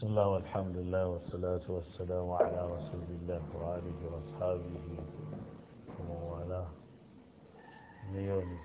بسم الله والحمد لله والصلاة والسلام على رسول الله وآله وأصحابه ومن والاه نيوني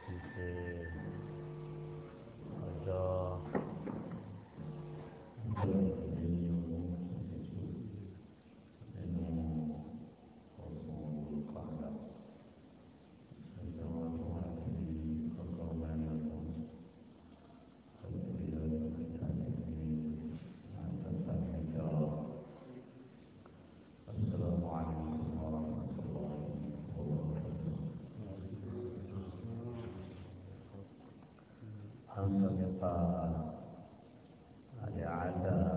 أنصر يطار على عذاب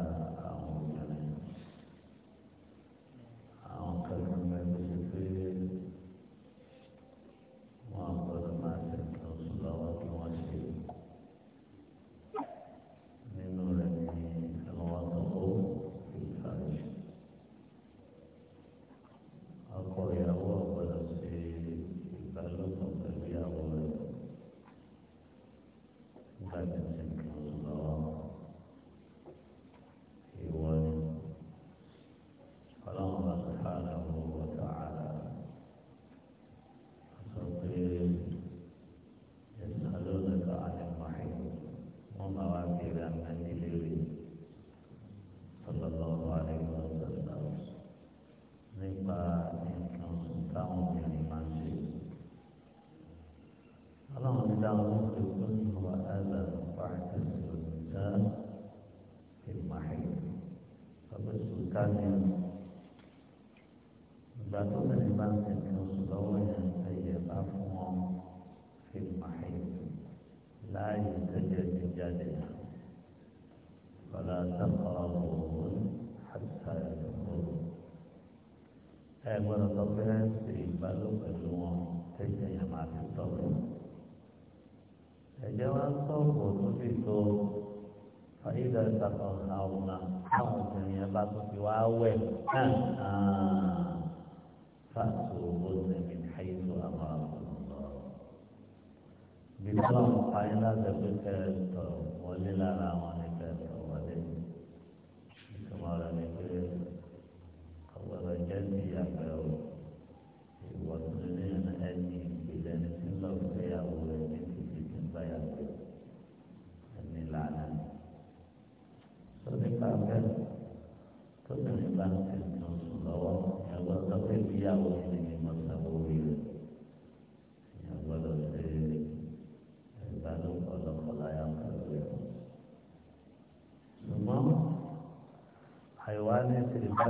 circumstances. sultani ìgbà tó bẹ̀rẹ̀ bá ń tẹ̀lé oṣù lọ́wọ́ yẹn ẹ̀yẹ bá fún wọn fi màáyé láàyè tẹ́lẹ̀ ní jáde kọ́lá sàkọ́rọ̀ òun àtà ìdókòwò. ẹ gbọ́dọ̀ tó fẹ́ ṣe ìbálò pẹ̀lú wọn tẹ́lẹ̀ yẹn máa fi tọ́wọ́. ẹ̀jẹ̀ wá sọ̀rọ̀ tó fi tó fàyídà sàkọ́rọ̀ àwọn náà. táwọn obìnrin yẹn bá tún fi wá wẹ̀ náà fàtó ọ̀sẹ̀mí àyètò àwọn àkùnrin bí táwọn pààyàn láti ẹgbẹ́ kẹrẹ̀tọ̀ wọlé lára àwọn ẹgbẹ́ tó.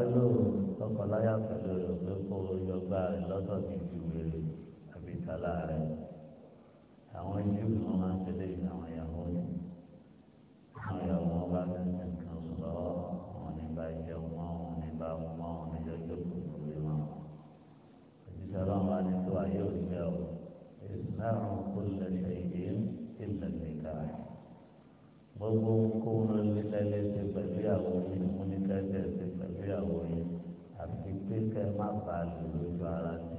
lò tọkọláyà pẹ̀lú rẹ̀ pé kó yọgbà rẹ̀ lọ́dọ̀ mi ju wèrè àbí tàlà rẹ̀. bá a lò lójú ara sí.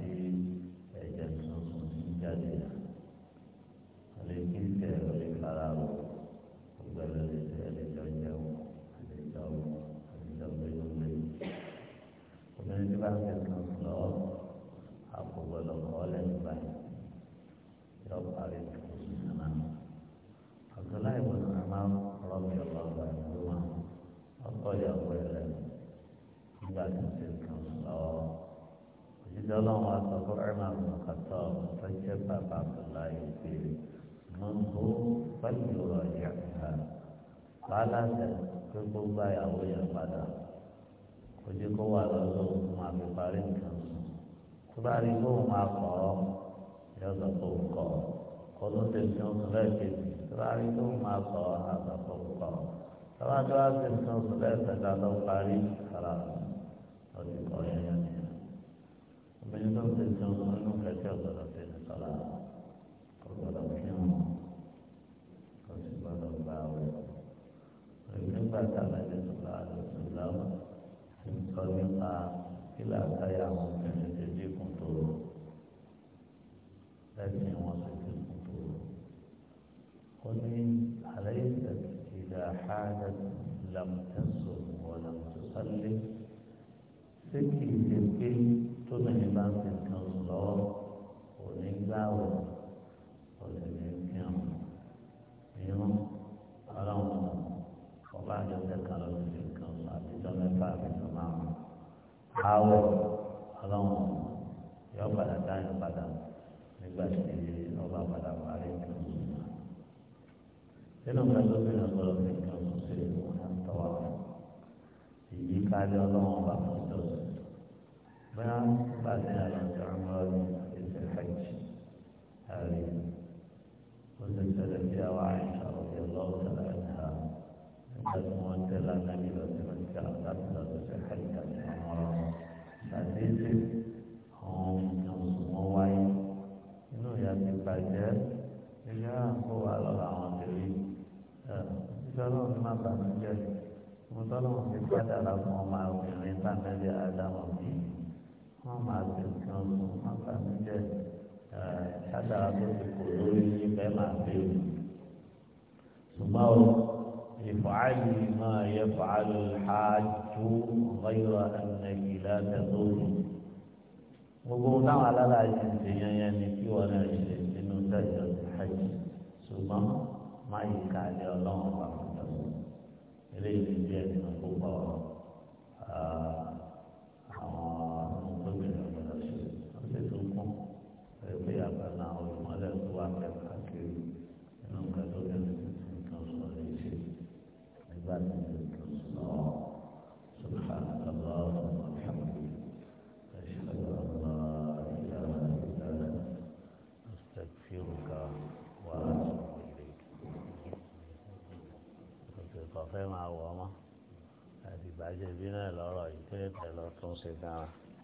lọ́lọ́run àti ọ̀fọ́rẹ́mà àbùkàtọ̀ fẹ́jẹ́ bàbá àbùlá ìpè mọ́tò pẹ̀lú ọ̀rọ̀ ìyá ìhà wàhálà tẹ̀ pé kó gbá ìyàwó yẹn padà ojú kó wà lọ́dọ̀ òun máa fi parí nǹkan sùn tó bá rí bóun máa kọ̀ ọ́ yóò sọ pé òun kọ̀ ọ́ kó ló ti fi oṣù lẹ́ẹ̀kejì tó bá rí bóun máa kọ̀ ọ́ àgbà pé òun kọ̀ ọ́ tó bá tó bá ti fi oṣù lẹ́ẹ̀kẹta lọ parí kàrà ọ̀dùnkọ̀ yẹn bẹ́ẹ̀ni tó ń tẹ̀sán ọlọ́run kẹ́kẹ́ ọ̀gbọ́dọ̀ tẹ̀ ní sọ́la ọ̀gbọ́dọ̀ kírun kò sì gbọ́dọ̀ gba ọ̀rẹ́ nígbà táwọn ẹgbẹ́ tó bá lọ́sùn lọ́wọ́ ń sọ nípa kílà táyà àwọn obìnrin ṣe dínkù tó lẹ́sìn wọn ṣe dínkù tó ó ní àlẹ́ ìṣẹ̀lẹ̀ ìdá àádọ́ làmùtẹ́sùn wọ̀ làmùtẹ́sọ́lé ṣé kìí ṣe pé. àwọ̀ ọlọ́run yọ padà dáhùn padà nígbà tí ọba padà parí nǹkan mọ̀. nínú nǹkan tó fi hàn gbọ́dọ̀ fi nǹkan mọ̀ sí ìwọ̀n tọ́wọ́ rẹ̀ èyí kárí ọlọ́run ọba fún ìjọsìn. bóyá nígbà tí àwọn ọ̀sẹ̀ ọmọlọ́ ní ìṣẹ̀ hajj àrí ó ti ṣẹlẹ̀ sí àwọn àìsàn ọ̀sẹ̀ lọ́wọ́ sọ̀rọ̀ ẹ̀ nígbà tí wọ́n tẹ̀lé àgbàdì lọ sí tọ́lọ́wọ́n fi gbàdára fún ọmọ obìnrin bámẹ́lẹ́ àdámọ̀ bí wọ́n máa fi nǹkan sùn wọ́n bàmíjẹ́ ṣádára tó ti kò lórí yín bẹ́ẹ̀ máa fi. ṣùgbọ́n o. وعن ما يفعل الحاج غير أنك لا تزول وقوم على لا ينسي يعني في ولا ينسي إنه سجل الحج ثم ما يكاد الله إليه الجنة قوة bàjẹ́ bí náà lọ́rọ̀ yìí tẹ́lẹ̀ tẹ́lẹ̀ lọ tún